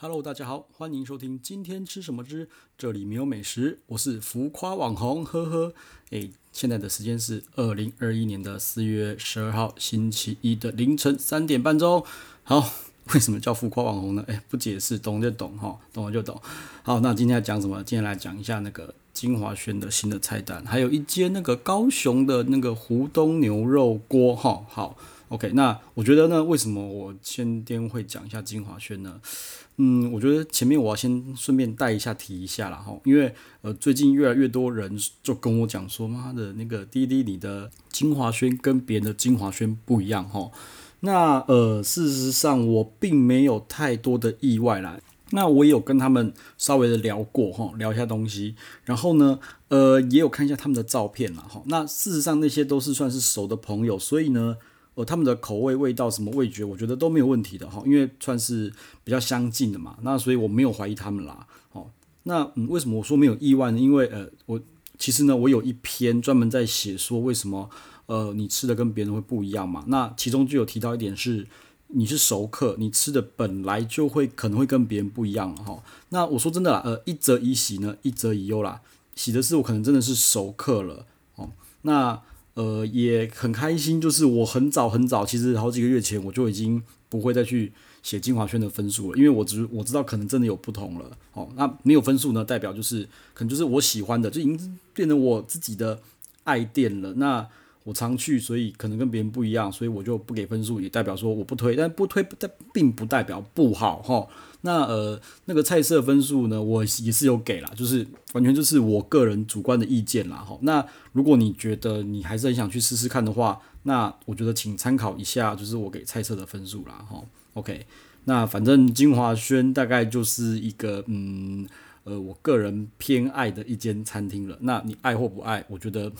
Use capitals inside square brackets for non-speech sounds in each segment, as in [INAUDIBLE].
Hello，大家好，歡迎收聽今天吃什麼之這裡沒有美食，我是浮誇網紅，呵呵，哎，現在的時間是二零二一年的四月十二號星期一的凌晨三點半鐘。好，為什麼叫浮誇網紅呢？哎，不解釋，懂就懂哈，懂就懂。好，那今天要講什麼？今天來講一下那個晶華軒的新的菜單，還有一間那個高雄的那個湖東牛肉鍋哈、哦。好。OK，那我覺得呢，為什麼我今天會講一下晶華軒呢？嗯，我覺得前面我要先順便帶一下提一下啦。吼，因為呃，最近越來越多人就跟我講說，媽的，那個滴滴你的晶華軒跟別人的晶華軒不一樣吼。那呃，事實上我並沒有太多的意外啦。那我也有跟他們稍微的聊過吼，聊一下東西，然後呢，呃，也有看一下他們的照片啦，吼。那事實上那些都是算是熟的朋友，所以呢。哦、呃，他們的口味、味道什麼味覺，我覺得都沒有問題的哈，因為算是比較相近的嘛，那所以我沒有懷疑他們啦。哦，那、嗯、為什麼我說沒有意外呢？因為呃，我其實呢，我有一篇專門在寫說為什麼呃你吃的跟別人會不一樣嘛。那其中就有提到一點是，你是熟客，你吃的本來就會可能會跟別人不一樣了哈。那我說真的啦，呃，一則以喜呢，一則以憂啦。喜的是我可能真的是熟客了，哦，那。呃，也很開心，就是我很早很早，其實好幾個月前我就已經不會再去寫晶華軒的分數了，因為我只我知道可能真的有不同了哦。那沒有分數呢，代表就是可能就是我喜歡的，就已經變成我自己的愛店了。那。我常去，所以可能跟別人不一樣，所以我就不給分數，也代表說我不推。但不推不代，並不代表不好哈。那呃，那個菜色分數呢，我也是有給啦，就是完全就是我個人主觀的意見啦哈。那如果你覺得你還是很想去試試看的話，那我覺得請參考一下，就是我給菜色的分數啦哈。OK，那反正晶華軒大概就是一個嗯呃，我個人偏愛的一間餐廳了。那你愛或不愛，我覺得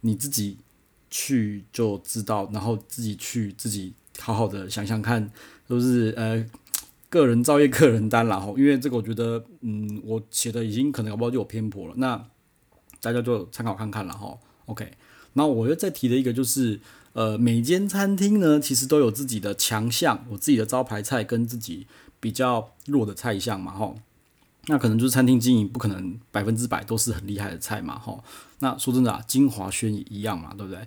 你自己。去就知道，然後自己去自己好好的想想看，都、就是呃個人造業個人擔啦，然後因為這個我覺得嗯我寫的已經可能也不好就有偏頗了，那大家就參考看看了哈。OK，然後我又再提的一個就是呃每間餐廳呢，其實都有自己的強項，我自己的招牌菜跟自己比較弱的菜項嘛哈。那可能就是餐廳經營不可能百分之百都是很厲害的菜嘛，哈。那說真的啊，晶華軒也一樣嘛，對不對？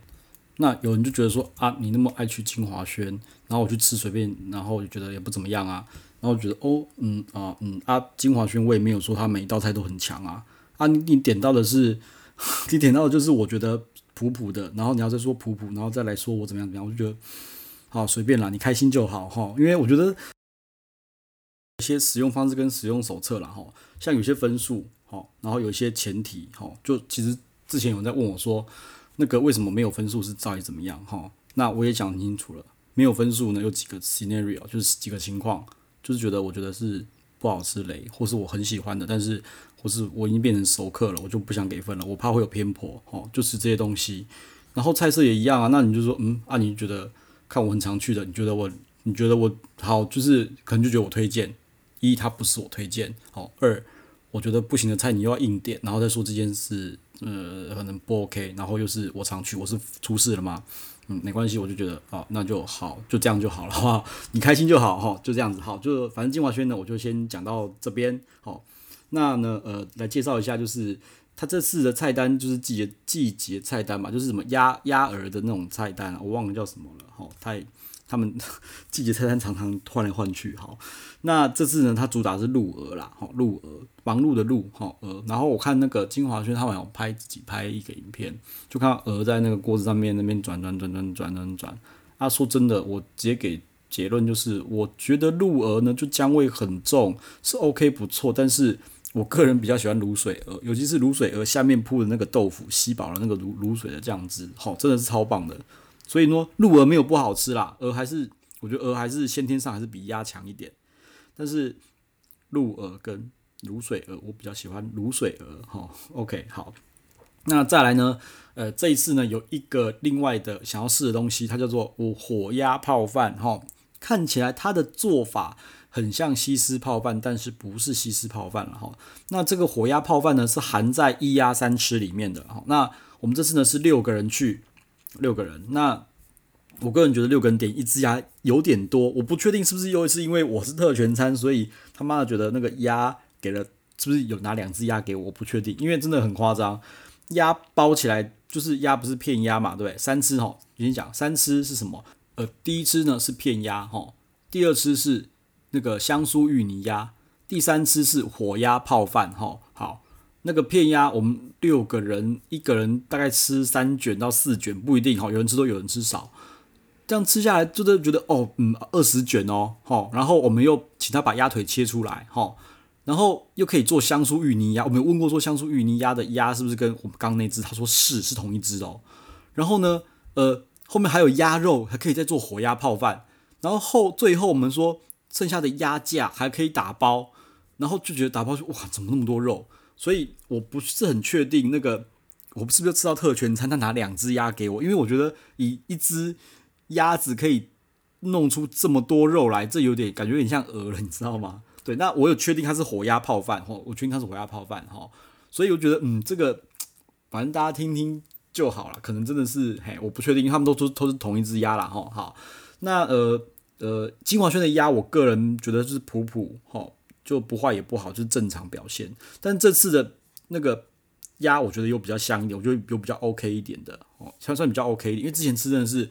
那有人就覺得說啊，你那麼愛去晶華軒，然後我去吃隨便，然後我就覺得也不怎麼樣啊。然後我覺得哦，嗯啊嗯啊，晶華軒我也沒有說他每一道菜都很強啊。啊你，你點到的是，你點到的就是我覺得普普的。然後你要再說普普，然後再來說我怎麼樣怎麼樣，我就覺得好隨便啦，你開心就好哈。因為我覺得。一些使用方式跟使用手冊了哈，像有些分數哈，然後有一些前提哈，就其實之前有人在問我說，那個為什麼沒有分數是到底怎麼樣哈？那我也講清楚了，沒有分數呢有幾個 scenario，就是幾個情況，就是覺得我覺得是不好吃雷，或是我很喜歡的，但是或是我已經變成熟客了，我就不想給分了，我怕會有偏頗哦，就是這些東西。然後菜色也一樣啊，那你就說嗯啊，你覺得看我很常去的，你覺得我你覺得我好，就是可能就覺得我推薦。一，它不是我推薦，好；二，我覺得不行的菜你又要硬點，然後再說這件事，呃，可能不 OK。然後又是我常去，我是出事了嗎？嗯，沒關係，我就覺得，哦，那就好，就這樣就好了，哈，你開心就好，哈、哦，就這樣子，好，就反正晶華軒呢，我就先講到這邊，好、哦。那呢，呃，來介紹一下，就是它這次的菜單就是季節季節菜單嘛，就是什麼鴨鴨兒的那種菜單，我忘了叫什麼了，哈、哦，太。他們 [LAUGHS] 季節菜單常常換來換去，好，那這次呢，它主打是滷鵝啦，好、哦，滷鵝，忙碌的滷，好、哦、鵝，然後我看那個晶華軒，他好像有拍自己拍一個影片，就看鵝在那個鍋子上面那邊轉轉轉轉轉轉轉，啊，說真的，我直接給結論就是，我覺得滷鵝呢就薑味很重，是 OK 不錯，但是我個人比較喜歡滷水鵝，尤其是滷水鵝下面鋪的那個豆腐，吸飽了那個滷滷水的醬汁，好、哦，真的是超棒的。所以呢，滷鵝沒有不好吃啦，鵝還是我覺得鵝還是先天上還是比鴨強一點，但是滷鵝跟滷水鵝我比較喜歡滷水鵝哈。OK，好，那再來呢，呃，這一次呢有一個另外的想要試的東西，它叫做火鴨泡飯哈。看起來它的做法很像西施泡飯，但是不是西施泡飯了哈。那這個火鴨泡飯呢是含在一鴨三吃裡面的哈。那我們這次呢是六個人去。六個人，那我個人覺得六個人點一隻鴨有點多，我不確定是不是又是因為我是特權餐，所以他媽的覺得那個鴨給了是不是有拿兩隻鴨給我，我不確定，因為真的很誇張，鴨包起來就是鴨，不是片鴨嘛，對不對？三吃吼，已經講三吃是什麼？呃，第一吃呢是片鴨哈，第二吃是那個香酥芋泥鴨，第三吃是火鴨泡飯哈，好。那個片鴨，我們六個人，一個人大概吃三捲到四捲，不一定哈，有人吃多，有人吃少，這樣吃下來就是覺得哦，嗯，二十捲哦，好，然後我們又請他把鴨腿切出來，好，然後又可以做香酥芋泥鴨。我們有問過說香酥芋泥鴨的鴨是不是跟我們剛剛那隻？他說是，是同一隻哦。然後呢，呃，後面還有鴨肉，還可以再做火鴨泡飯。然後後，最後我們說剩下的鴨架還可以打包，然後就覺得打包哇，怎麼那麼多肉？所以我不是很確定那個，我是不是吃到特權餐？他拿兩隻鴨給我，因為我覺得以一隻鴨子可以弄出這麼多肉來，這有點感覺有點像鵝了，你知道嗎？對，那我有確定它是火鴨泡飯哈，我確定它是火鴨泡飯哈，所以我覺得嗯，這個反正大家聽聽就好了，可能真的是嘿，我不確定，因為他們都都都是同一隻鴨了哈。好，那呃呃，晶華軒的鴨，我個人覺得就是普普哈。就不壞也不好，就是正常表現。但這次的那個鴨，我覺得又比較香一點，我覺得又比較 OK 一點的哦，還算比較 OK 一點，因為之前吃真的是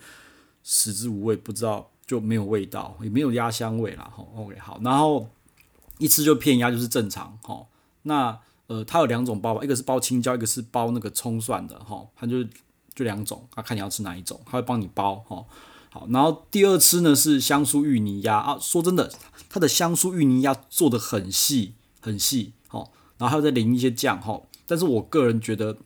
食之無味，不知道就沒有味道，也沒有鴨香味啦。哈、哦、OK，好。然後一吃就片鴨就是正常。哈、哦，那呃，它有兩種包吧，一個是包青椒，一個是包那個蔥蒜的。哈、哦，它就就兩種，它、啊、看你要吃哪一種，它會幫你包。哈、哦。好，然後第二次呢是香酥芋泥鴨啊。說真的，它的香酥芋泥鴨做得很細很細，哦。然後還有再淋一些醬哈。但是我個人覺得，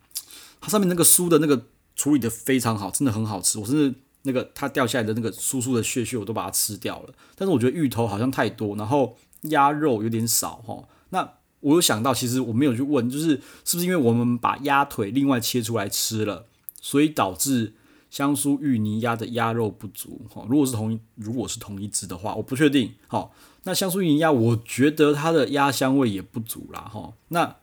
它上面那個酥的那個處理得非常好，真的很好吃。我甚至那個它掉下來的那個酥酥的屑屑我都把它吃掉了。但是我覺得芋頭好像太多，然後鴨肉有點少哈。那我有想到，其實我沒有去問，就是是不是因為我們把鴨腿另外切出來吃了，所以導致。香酥芋泥鴨的鴨肉不足，哈，如果是同一如果是同一隻的話，我不確定。那香酥芋泥鴨，我覺得它的鴨香味也不足啦，哈。那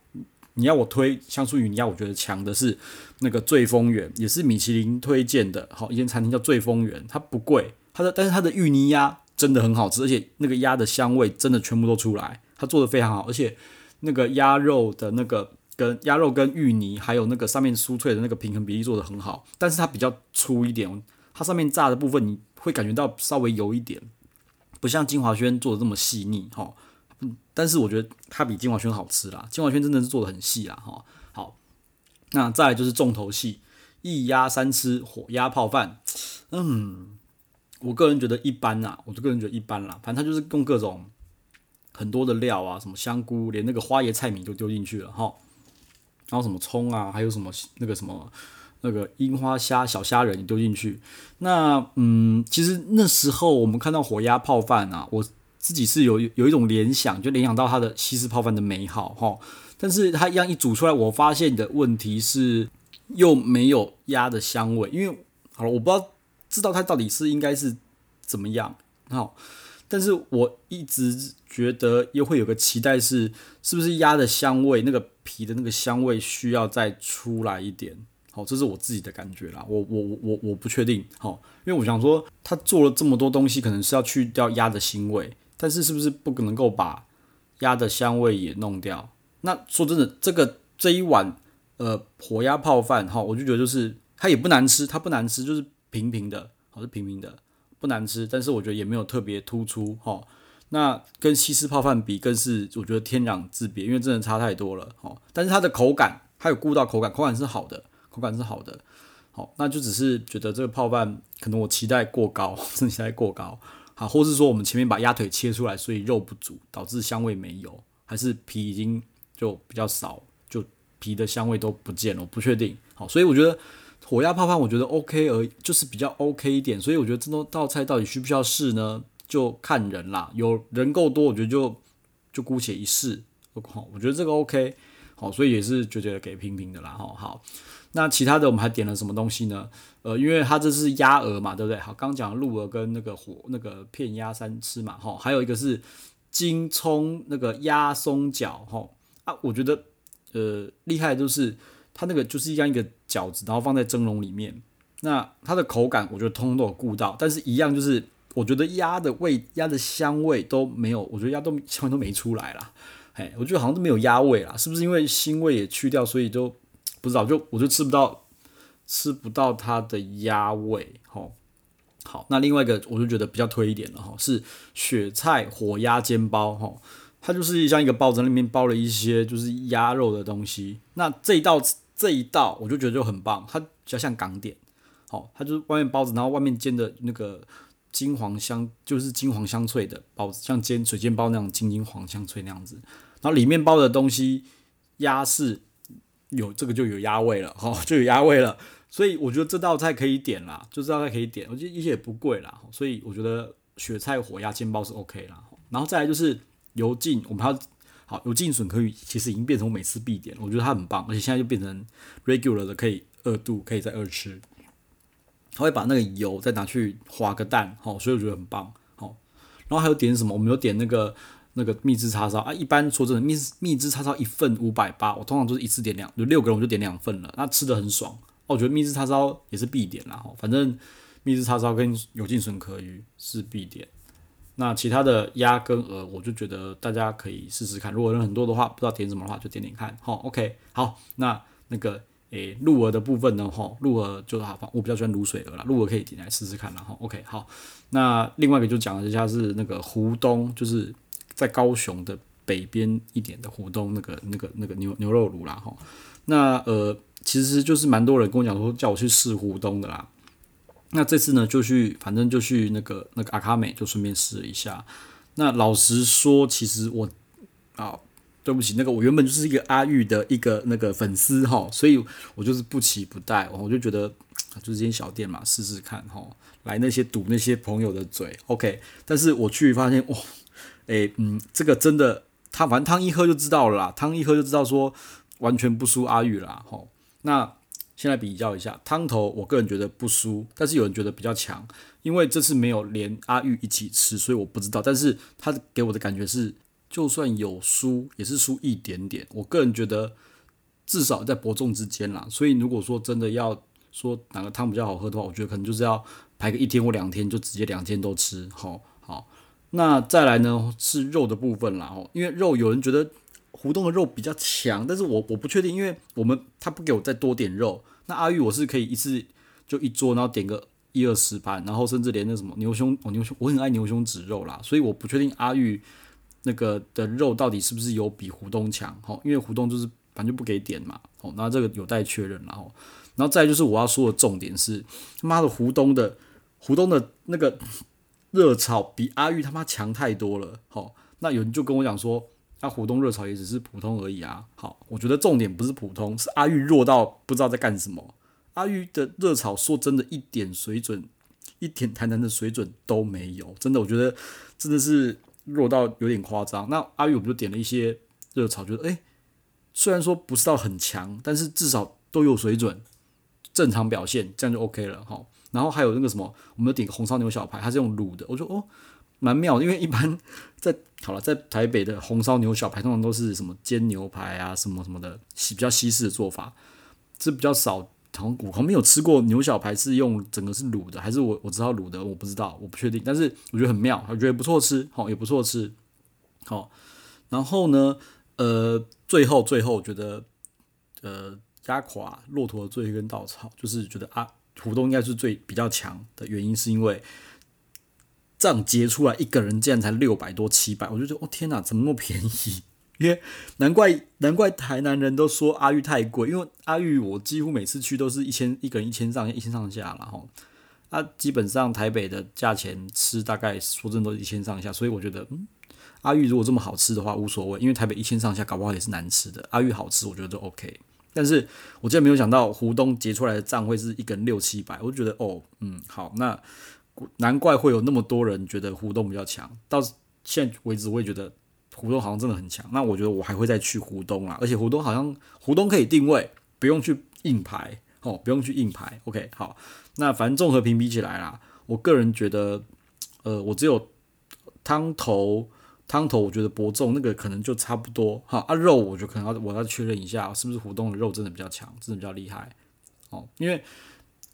你要我推香酥芋泥鴨，我覺得強的是那個醉楓園，也是米其林推薦的，好，一間餐廳叫醉楓園，它不貴，它的但是它的芋泥鴨真的很好吃，而且那個鴨的香味真的全部都出來，它做得非常好，而且那個鴨肉的那個。跟鴨肉、跟芋泥，還有那個上面酥脆的那個平衡比例做的很好，但是它比較粗一點，它上面炸的部分你會感覺到稍微油一點，不像晶華軒做的這麼細膩哈。嗯，但是我覺得它比晶華軒好吃啦，晶華軒真的是做的很細啦哈。好，那再來就是重頭戲，一鴨三吃火鴨泡飯，嗯，我個人覺得一般啦，我就個人覺得一般啦，反正它就是用各種很多的料啊，什麼香菇，連那個花椰菜米都丟進去了哈。然後什麼蔥啊，還有什麼那個什麼那個櫻花蝦、小蝦仁丟進去。那嗯，其實那時候我們看到火鴨泡飯啊，我自己是有有一種聯想，就聯想到它的西式泡飯的美好哈。但是它一樣一煮出來，我發現的問題是又沒有鴨的香味，因為好了，我不知道知道它到底是應該是怎麼樣。好，但是我一直覺得又會有個期待是，是不是鴨的香味，那個皮的那個香味需要再出來一點？好，這是我自己的感覺啦，我我我我不確定。好，因為我想說，他做了這麼多東西，可能是要去掉鴨的腥味，但是是不是不可能夠把鴨的香味也弄掉？那說真的，這個這一碗呃火鴨泡飯，哈，我就覺得就是它也不難吃，它不難吃，就是平平的，好，是平平的。不難吃，但是我覺得也沒有特別突出哈。那跟西式泡飯比，更是我覺得天壤之別，因為真的差太多了哦。但是它的口感，它有顧到口感，口感是好的，口感是好的。好，那就只是覺得這個泡飯可能我期待過高呵呵，期待過高。好，或是說我們前面把鴨腿切出來，所以肉不足，導致香味沒有，還是皮已經就比較少，就皮的香味都不見了，我不確定。好，所以我覺得。火鴨泡飯我覺得 OK 而已，就是比較 OK 一點，所以我覺得這道菜到底需不需要試呢？就看人啦，有人夠多，我覺得就就姑且一試。我覺得這個 OK，好，所以也是覺得給平平的啦。好，那其他的我們還點了什麼東西呢？呃，因為它這是鴨鵝嘛，對不對？好，剛講鹿鵝跟那個火那個片鴨三吃嘛，哈，還有一個是金蔥那個鴨鬆腳哈，啊，我覺得呃厲害的就是。它那個就是一樣一個餃子，然後放在蒸籠裡面，那它的口感我覺得通通都有顧到，但是一樣就是我覺得鴨的味、鴨的香味都沒有，我覺得鴨都香味都沒出來啦，哎，我覺得好像都沒有鴨味啦，是不是因為腥味也去掉，所以就不知道就我就吃不到吃不到它的鴨味，吼，好，那另外一個我就覺得比較推一點的哈，是雪菜火鴨煎包，吼，它就是像一個包子裡面包了一些就是鴨肉的東西，那這一道。這一道我就覺得就很棒，它比較像港點，好、哦，它就是外面包子，然後外面煎的那個金黃香，就是金黃香脆的包子，像煎水煎包那種金金黃香脆那樣子，然後裡面包的東西，鴨是有這個就有鴨味了，好、哦、就有鴨味了，所以我覺得這道菜可以點啦，就這道菜可以點，我覺得一些也不貴啦，所以我覺得雪菜火鴨煎包是 OK 啦，然後再來就是油浸，我們還要。好，有勁筍殼魚其實已經變成我每次必點了，我覺得它很棒，而且現在就變成 regular 的可以二度，可以再二吃。他會把那個油再拿去滑個蛋，好、哦，所以我覺得很棒。好、哦，然後還有點什麼？我們有點那個那個蜜汁叉燒啊。一般說真的蜜，蜜蜜汁叉燒一份五百八，我通常就是一次點兩，就六個人我就點兩份了。那吃得很爽哦，我覺得蜜汁叉燒也是必點啦。哈，反正蜜汁叉燒跟有勁筍殼魚是必點。那其他的鴨跟鵝，我就覺得大家可以試試看。如果人很多的話，不知道點什麼的話，就點點看。好，OK，好。那那個誒，滷鵝的部分呢？齁，滷鵝就好放。我比較喜歡滷水鵝啦。滷鵝可以點來試試看啦。然後，OK，好。那另外一個就講了一下是那個湖東，就是在高雄的北邊一點的湖東那個那個那個牛牛肉爐啦。哈，那呃，其實就是蠻多人跟我講說叫我去試湖東的啦。那這次呢，就去，反正就去那個那個阿卡美，就順便試了一下。那老實說，其實我啊、哦，對不起，那個我原本就是一個阿玉的一個那個粉絲哈，所以我就是不期不待，我就覺得就是間小店嘛，試試看哈，來那些堵那些朋友的嘴。OK，但是我去發現，哇、哦，誒、欸、嗯，這個真的，他反正湯一喝就知道了啦，湯一喝就知道說完全不輸阿玉啦，哈，那。先來比較一下湯頭，我個人覺得不輸，但是有人覺得比較強，因為這次沒有連阿玉一起吃，所以我不知道。但是他給我的感覺是，就算有輸，也是輸一點點。我個人覺得，至少在伯仲之間啦。所以如果說真的要說哪個湯比較好喝的話，我覺得可能就是要排個一天或兩天，就直接兩天都吃。好，好，那再來呢是肉的部分啦。哦，因為肉有人覺得湖東的肉比較強，但是我我不確定，因為我們他不給我再多點肉。那阿玉我是可以一次就一桌，然後點個一二十盤，然後甚至連那什麼牛胸哦牛胸，我很愛牛胸指肉啦，所以我不確定阿玉那個的肉到底是不是有比湖東強哦，因為湖東就是反正就不給點嘛哦，那這個有待確認啦，然後，然後再就是我要說的重點是他媽的湖東的湖東的那個熱炒比阿玉他媽強太多了哦，那有人就跟我講說，那、啊、活動熱炒也只是普通而已啊。好，我覺得重點不是普通，是阿玉弱到不知道在幹什麼。阿玉的熱炒說真的一點水準，一點談談的水準都沒有，真的我覺得真的是弱到有點誇張。那阿玉我們就點了一些熱炒，覺得哎、欸，雖然說不是到很強，但是至少都有水準，正常表現這樣就 OK 了哈。然後還有那個什麼，我們點個紅燒牛小排，它是用滷的，我說哦。蠻妙，因為一般在好了，在台北的紅燒牛小排通常都是什麼煎牛排啊，什麼什麼的西比較西式的做法，是比較少。同我旁沒有吃過牛小排是用整個是滷的，還是我我知道滷的，我不知道，我不確定。但是我覺得很妙，我覺得不錯吃，好也不錯吃，好。然後呢，呃，最後最後覺得，呃，壓垮駱駝的最後一根稻草，就是覺得啊，湖東應該是最比較強的原因，是因為。賬結出來一個人竟然才六百多七百，我就覺得哦天哪，怎麼那麼便宜？因為難怪難怪台南人都說阿玉太貴，因為阿玉我幾乎每次去都是一千一個人一千上一千上下然後啊，基本上台北的價錢吃大概說真的都一千上下，所以我覺得嗯，阿玉如果這麼好吃的話，無所謂，因為台北一千上下搞不好也是難吃的。阿玉好吃我覺得都 OK，但是我現在沒有想到湖東結出來的賬會是一個人六七百，我就覺得哦嗯好那。難怪會有那麼多人覺得湖東比較強，到現在為止我也覺得湖東好像真的很強。那我覺得我還會再去湖東啦，而且湖東好像湖東可以訂位，不用去硬排哦，不用去硬排。OK，好，那反正綜合評比起來啦，我個人覺得，呃，我只有湯頭湯頭，頭我覺得伯仲那個可能就差不多。哈、哦、啊肉，我就可能要我要確認一下，是不是湖東的肉真的比較強，真的比較厲害哦，因為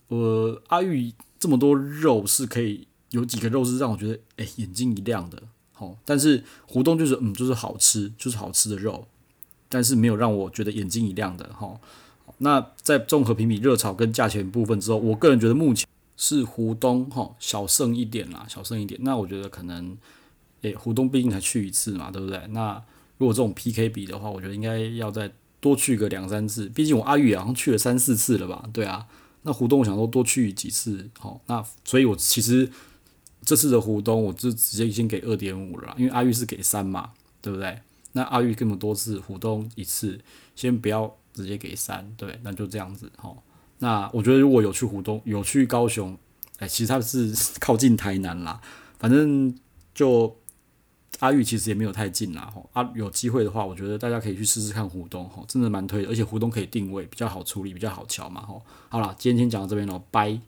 我、呃、阿玉。這麼多肉是可以有幾個肉是讓我覺得誒、欸，眼睛一亮的，好，但是湖東就是嗯就是好吃就是好吃的肉，但是沒有讓我覺得眼睛一亮的哈。那在綜合評比熱炒跟價錢部分之後，我個人覺得目前是湖東哈小勝一點啦，小勝一點。那我覺得可能誒，湖東畢竟才去一次嘛，對不對？那如果這種 PK 比的話，我覺得應該要再多去個兩三次，畢竟我阿玉好像去了三四次了吧，對啊。那湖東我想說多去幾次，好，那所以我其實這次的湖東，我就直接已經給二點五了，因為阿玉是給三嘛，對不對？那阿玉跟我們多次湖東一次，先不要直接給三，對，那就這樣子好，那我覺得如果有去湖東，有去高雄，哎、欸，其實他是靠近台南啦，反正就。阿玉其實也沒有太近啦吼，阿有機會的話，我覺得大家可以去試試看湖東吼，真的蠻推的，而且湖東可以定位比較好處理，比較好瞧嘛吼。好啦，今天先講到這邊咯，拜。